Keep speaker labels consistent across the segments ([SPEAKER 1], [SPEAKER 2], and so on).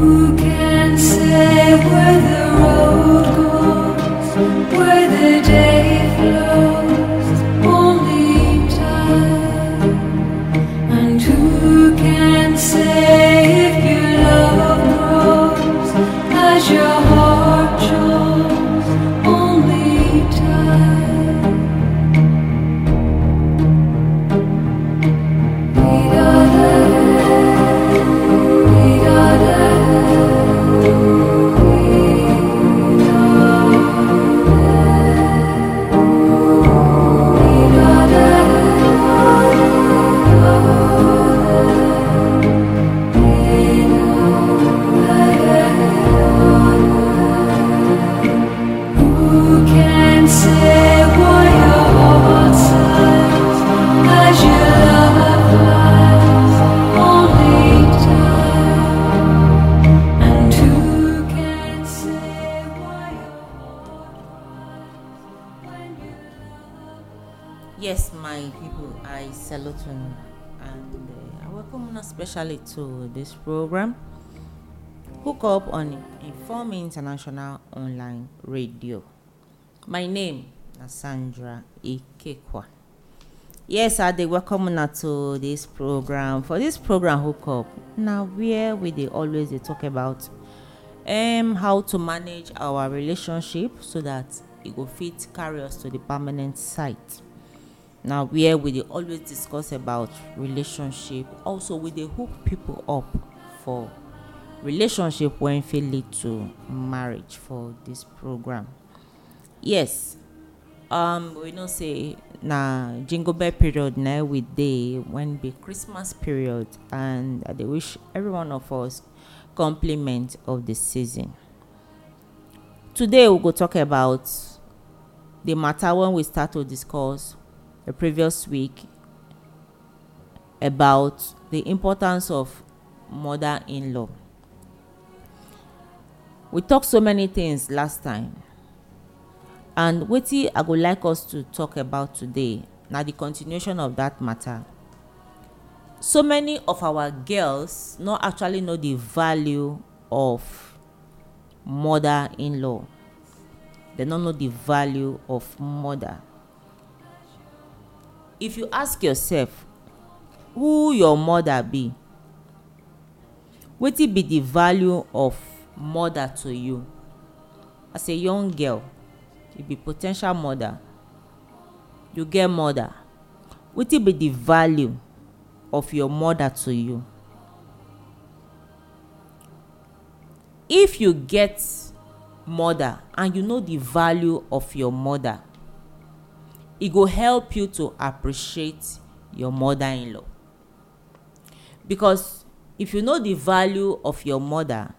[SPEAKER 1] Who can say where? Yes, my people, I salute you and uh, I welcome you especially to this program. Hook up on Inform International Online Radio. My name is Sandra Ikekwa. Yes, I dey welcome una to this program. For this program hook up, na where we dey always dey talk about um, how to manage our relationship so that e go fit carry us to the permanent site na where we dey always discuss about relationship also we dey hook people up for relationship wey fit lead to marriage for this program yes um we know say na jingle bell period na we dey when be christmas period and i dey wish every one of us compliment of the season today we go talk about the matter when we start to discuss the previous week about the importance of mother in law. We talked so many things last time, and wetin I would like us to talk about today Now the continuation of that matter. So many of our girls not actually know the value of mother in law. They no know the value of mother if you ask yourself who your mother be wetin be the value of mother to you as a young girl you be po ten tial mother you get mother wetin be the value of your mother to you if you get mother and you know the value of your mother e go help you to appreciate your mother-in-law because if you know the value of your mother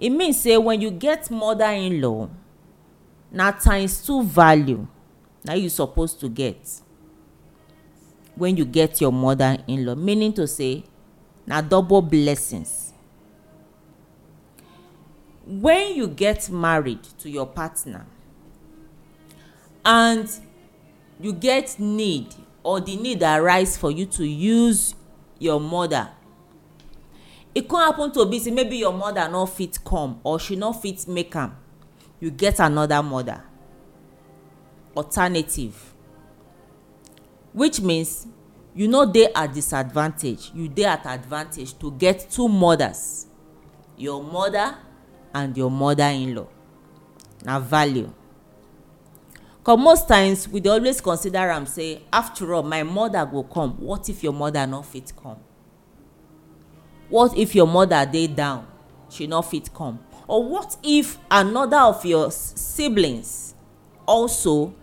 [SPEAKER 1] e mean say when you get mother-in-law na times two value na you suppose to get when you get your mother-in-law meaning to say na double blessings when you get married to your partner and you get need or the need arise for you to use your mother e come happen to be say maybe your mother no fit come or she no fit make am you get another mother alternative which means you no dey at disadvantage you dey at advantage to get two mothers your mother and your mother-in-law na value Cause most times we dey always consider am say after all my mother go come what if your mother no fit come what if your mother dey down she no fit come or what if another of your siblings also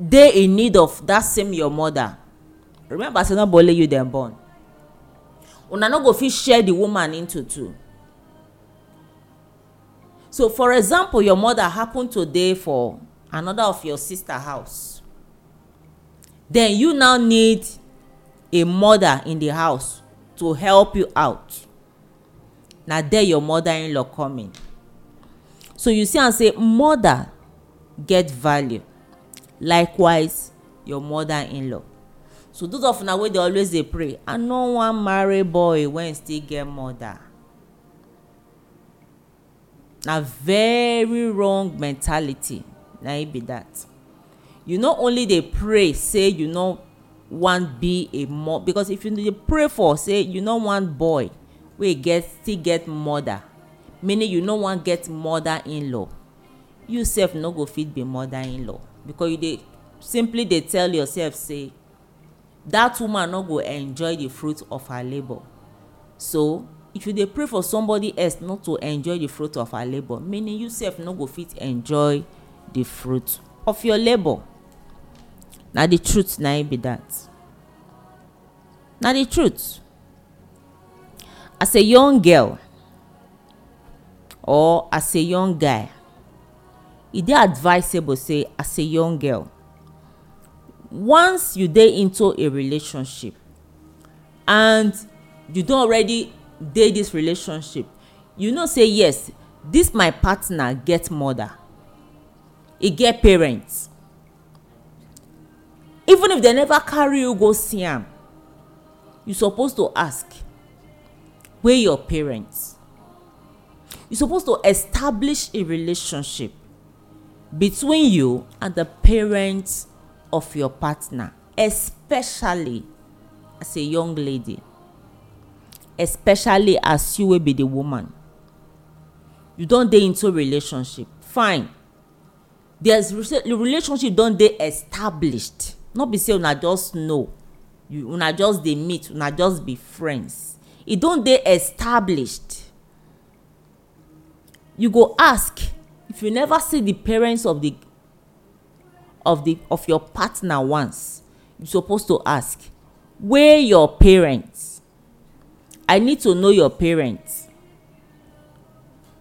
[SPEAKER 1] dey in need of that same your mother remember say no be only you dem born una no go fit share the woman into two so for example your mother happen to dey for another of your sister house then you now need a mother in the house to help you out na there your mother-in-law come in so you see am say mother get value likewise your mother-in-law so those of una wey dey always dey pray i no wan marry boy wey e still get mother na very wrong mentality na it e be that you not only dey pray say you no wan be a mom because if you dey pray for say you no wan boy wey e get still get mother meaning you no wan get mother in law you sef no go fit be mother in law because you dey simply dey tell yourself say that woman no go enjoy the fruit of her labour so if you dey pray for somebody else not to enjoy the fruit of her labour meaning you sef no go fit enjoy the fruit of your labor. na the truth na be that na the truth as a young girl or as a young guy e dey advisable say as a young girl once you dey into a relationship and you don already dey this relationship you know say yes this my partner get mother e get parents even if dem never carry you go see am you suppose to ask where your parents you suppose to establish a relationship between you and the parents of your partner especially as a young lady especially as you wey be the woman you don dey into relationship fine there's relationship don dey established no be say una just know you una just dey meet una just be friends e don dey established you go ask if you never see the parents of the of the of your partner once you suppose to ask where your parents i need to know your parents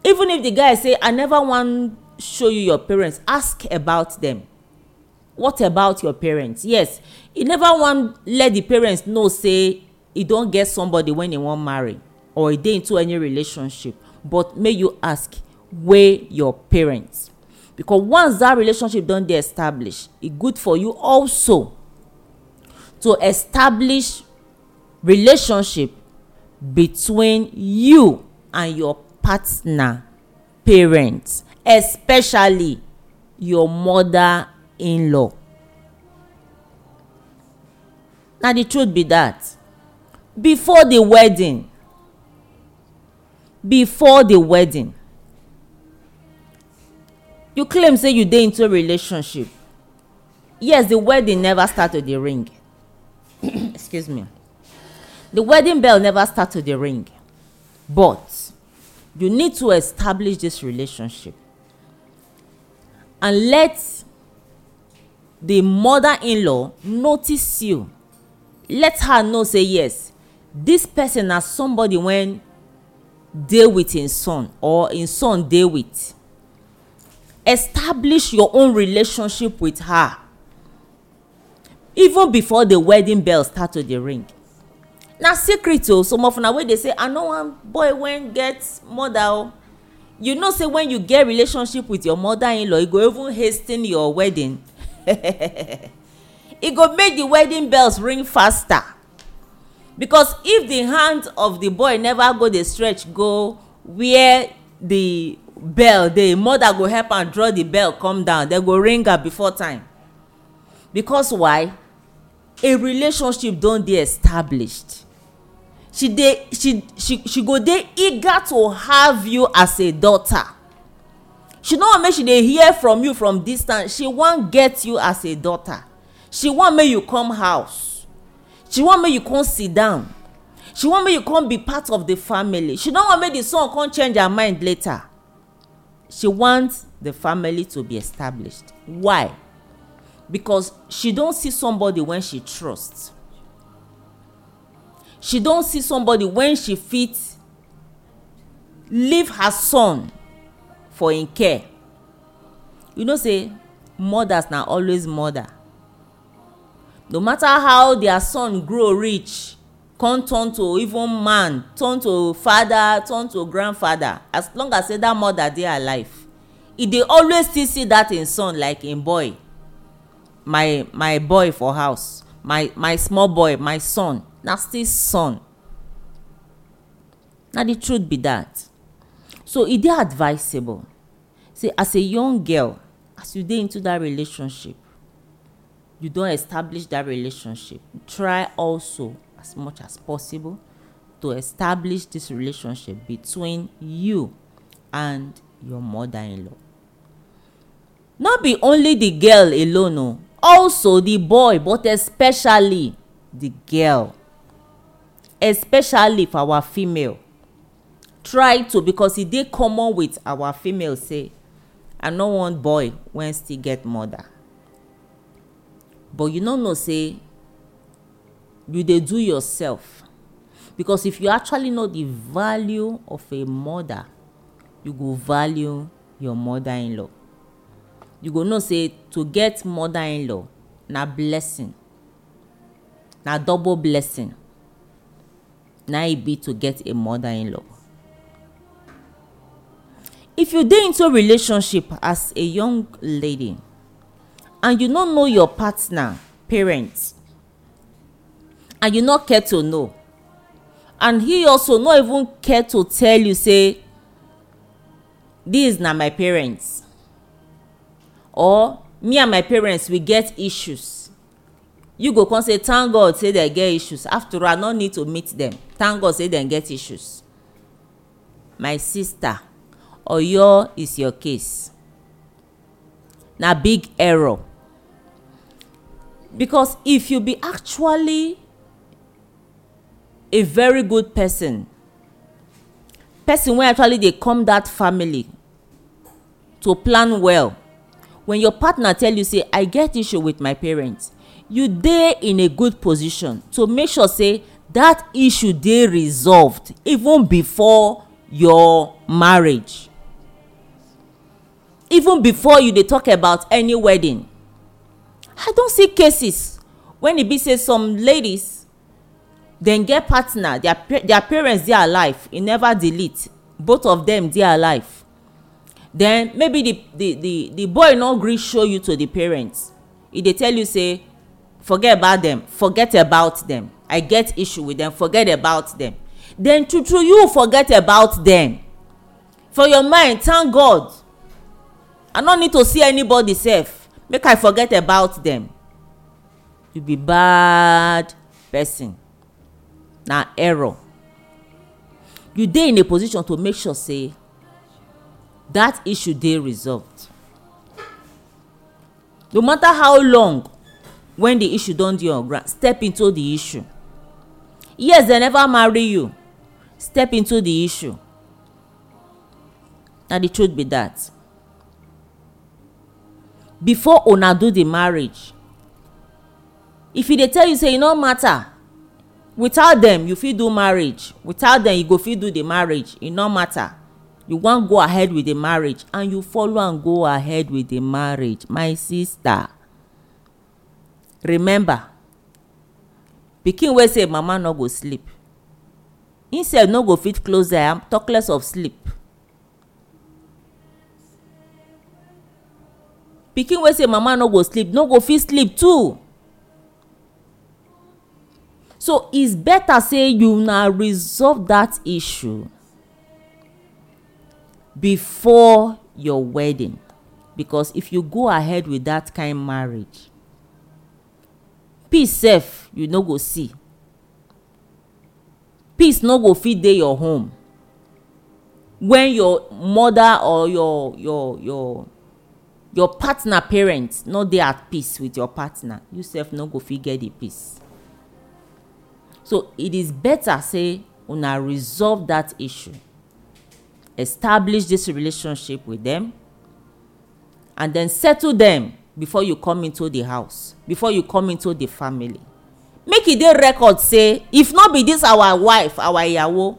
[SPEAKER 1] even if the guy say i never wan show you your parents ask about them what about your parents yes you never wan let the parents know say e don get somebody when e wan marry or e dey into any relationship but make you ask wey your parents because once that relationship don dey established e good for you also to establish relationship between you and your partner parents especially your mother in law na the truth be that before the wedding before the wedding you claim say you dey into relationship yes the wedding never start to dey ring excuse me the wedding bell never start to dey ring but you need to establish this relationship and let the mother-in-law notice you let her know say yes this person na somebody wen dey with im son or im son dey with establish your own relationship with her even before the wedding bell start to dey ring na secret o some of una wey dey say i no wan boy wen get mother o you know say when you get relationship with your mother-in-law e go even hasten your wedding e go make the wedding bells ring faster because if the hand of the boy never go dey stretch go where the bell dey mother go help am draw the bell come down dem go ring am before time because why a relationship don dey established she dey she she she go dey eager to have you as a daughter she no wan make she dey hear from you from distance she wan get you as a daughter she wan make you come house she wan make you come sit down she wan make you come be part of the family she no wan make the son come change her mind later she want the family to be established why because she don see somebody wey she trust she don see somebody wen she fit leave her son for im care you know say mothers na always mother no matter how their son grow reach come turn to even man turn to father turn to grandfather as long as say that mother dey alive e dey always still see that im son like im boy my my boy for house my my small boy my son na still son na the truth be that so e dey advisable say as a young girl as you dey into that relationship you don establish that relationship try also as much as possible to establish this relationship between you and your mother-in-law no be only the girl alone o oh, also the boy but especially the girl especially for our female try to because e dey common with our female say i no want boy wen still get mother but you no know say you dey do yourself because if you actually know the value of a mother you go value your mother-in-law you go know say to get mother-in-law na blessing na double blessing na e be to get a mother in law if you dey into relationship as a young lady and you no know your partner parents and you no care to know and he also no even care to tell you say these na my parents or me and my parents we get issues you go come say thank god say dem get issues after all i no need to meet dem thank god say dem get issues my sister oyo is your case na big error because if you be actually a very good person person wey actually dey come that family to plan well when your partner tell you say i get issue with my parents you dey in a good position to make sure say that issue dey resolved even before your marriage even before you dey talk about any wedding i don see cases when e be say some ladies dem get partner their their parents dey alive e never delete both of them dey alive then maybe the the the the boy no gree show you to the parents e dey tell you say forget about them forget about them i get issue with them forget about them then true true you forget about them for your mind thank god i no need to see anybody sef make i forget about them you be bad person na error you dey in a position to make sure say that issue dey resolved no matter how long when the issue don dey on ground step into the issue yes dem never marry you step into the issue na the truth be that before una do the marriage if e dey tell you say e no matter without dem you fit do marriage without dem you go fit do the marriage e no matter you wan go ahead with the marriage and you follow am go ahead with the marriage my sister remember pikin wey say mama no go sleep im sef no go fit close eye talk less of sleep pikin wey say mama no go sleep no go fit sleep too so it's better say you na resolve that issue before your wedding because if you go ahead with that kind marriage peace sef you no go see peace no go fit dey your home when your mother or your your your your partner parent no dey at peace with your partner you sef no go fit get the peace so it is better say una resolve that issue establish this relationship with them and then settle them before you come into the house before you come into the family make e dey record say if no be this our wife our yawo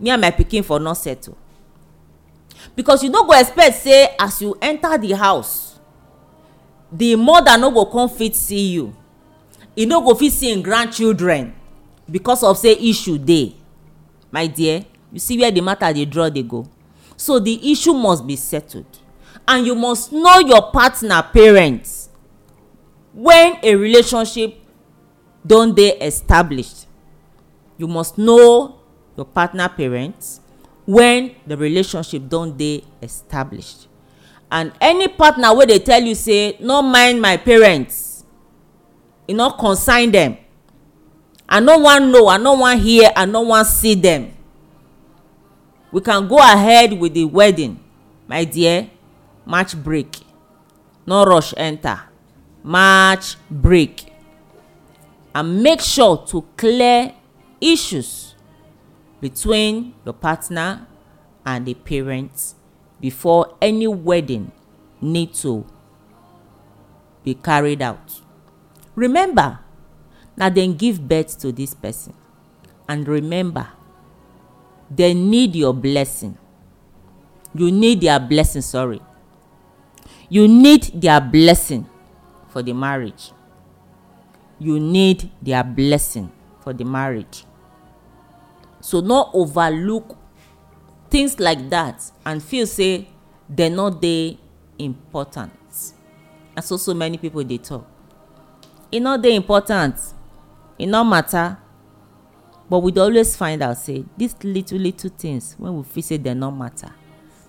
[SPEAKER 1] me and my pikin for no settle because you no go expect say as you enter the house the mother no go come fit see you e no go fit see im grandchildren because of say issue dey my dear you see where the matter dey draw dey go so the issue must be settled and you must know your partner parents when a relationship don dey established you must know your partner parents when the relationship don dey established and any partner wey dey tell you say no mind my parents e no concern dem i no wan know i no wan hear i no wan see dem we can go ahead with the wedding my dear match break no rush enter match break and make sure to clear issues between your partner and the parents before any wedding need to be carried out remember na dem give birth to this person and remember dem need your blessing you need their blessing sorry you need their blessing for the marriage you need their blessing for the marriage so no overlook things like that and feel say dem no dey important na so so many people dey talk e no dey important e no matter but we dey always find out say these little little things wey we feel say dem no matter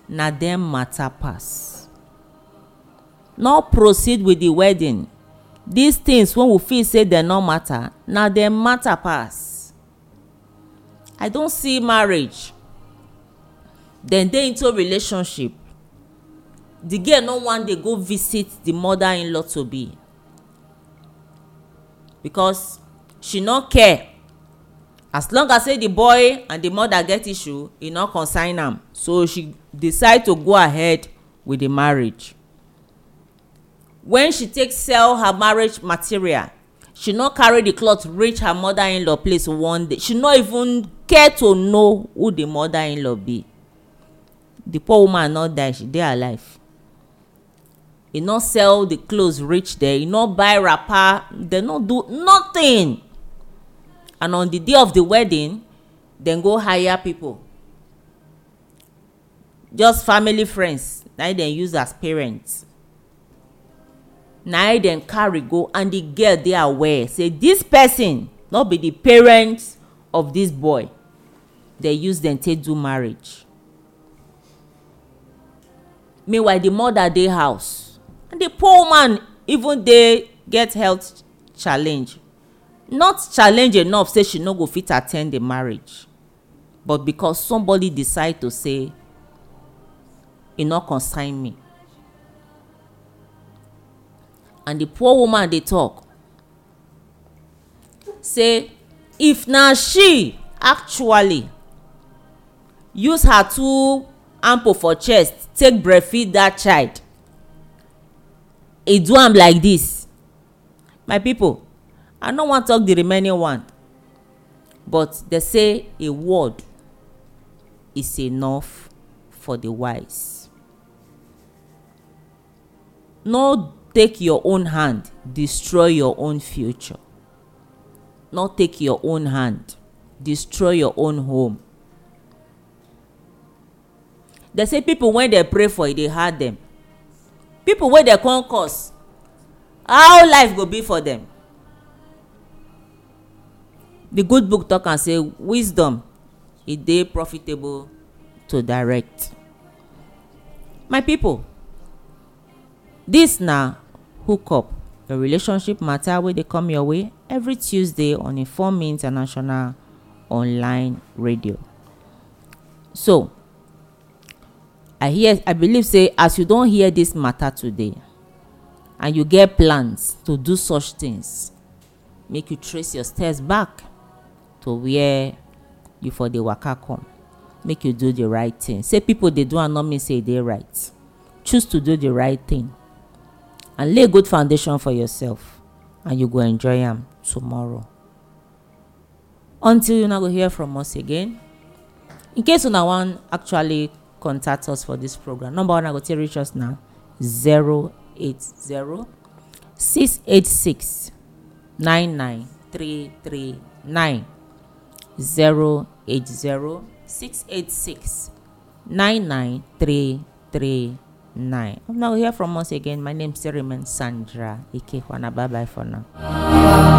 [SPEAKER 1] na dem matter pass no proceed with the wedding these things wey we feel say dem no matter na dem matter pass i don see marriage dem dey into relationship the girl no wan dey go visit the mother in law to be because she no care as long as say the boy and the mother get issue e no concern am so she decide to go ahead with the marriage When she take sell her marriage material she no carry the cloth reach her mother-in-law place one day she no even care to know who the mother-in-law be the poor woman no die she dey alive e no sell the clothes reach there e no buy wrapper dem no do nothing and on the day of the wedding dem go hire people just family friends na dem use as parents na e dem carry go and the girl dey aware say dis person no be the parent of dis boy dey use dem take do marriage meanwhile the mother dey house and the poor man even dey get health challenge not challenge enough say she no go fit at ten d the marriage but because somebody decide to say e no consign me and the poor woman dey talk say if na she actually use her two ample for chest take breastfeed that child e do am like this my people i no wan talk the remaining one but they say a word is enough for the wise no take your own hand destroy your own future not take your own hand destroy your own home dey say people wey dey pray for e dey hard dem people wey dey come cause how life go be for dem the good book talk am say wisdom e dey profitable to direct my people this na hook up your relationship matter wey dey come your way every tuesday on informe international online radio so i hear i believe say as you don hear this matter today and you get plans to do such things make you trace your steps back to where you for dey waka come make you do the right thing say people dey do am no mean say e dey right choose to do the right thing and lay good foundation for yourself and you go enjoy am tomorrow until una go hear from us again in case una wan actually contact us for this program number one, I go take reach us now: zero eight zero six eight six nine nine three three nine zero eight zero six eight six nine nine three three nine. Hope now you hear from us again. My name is Seriman Sandra. Ike Bye bye for now.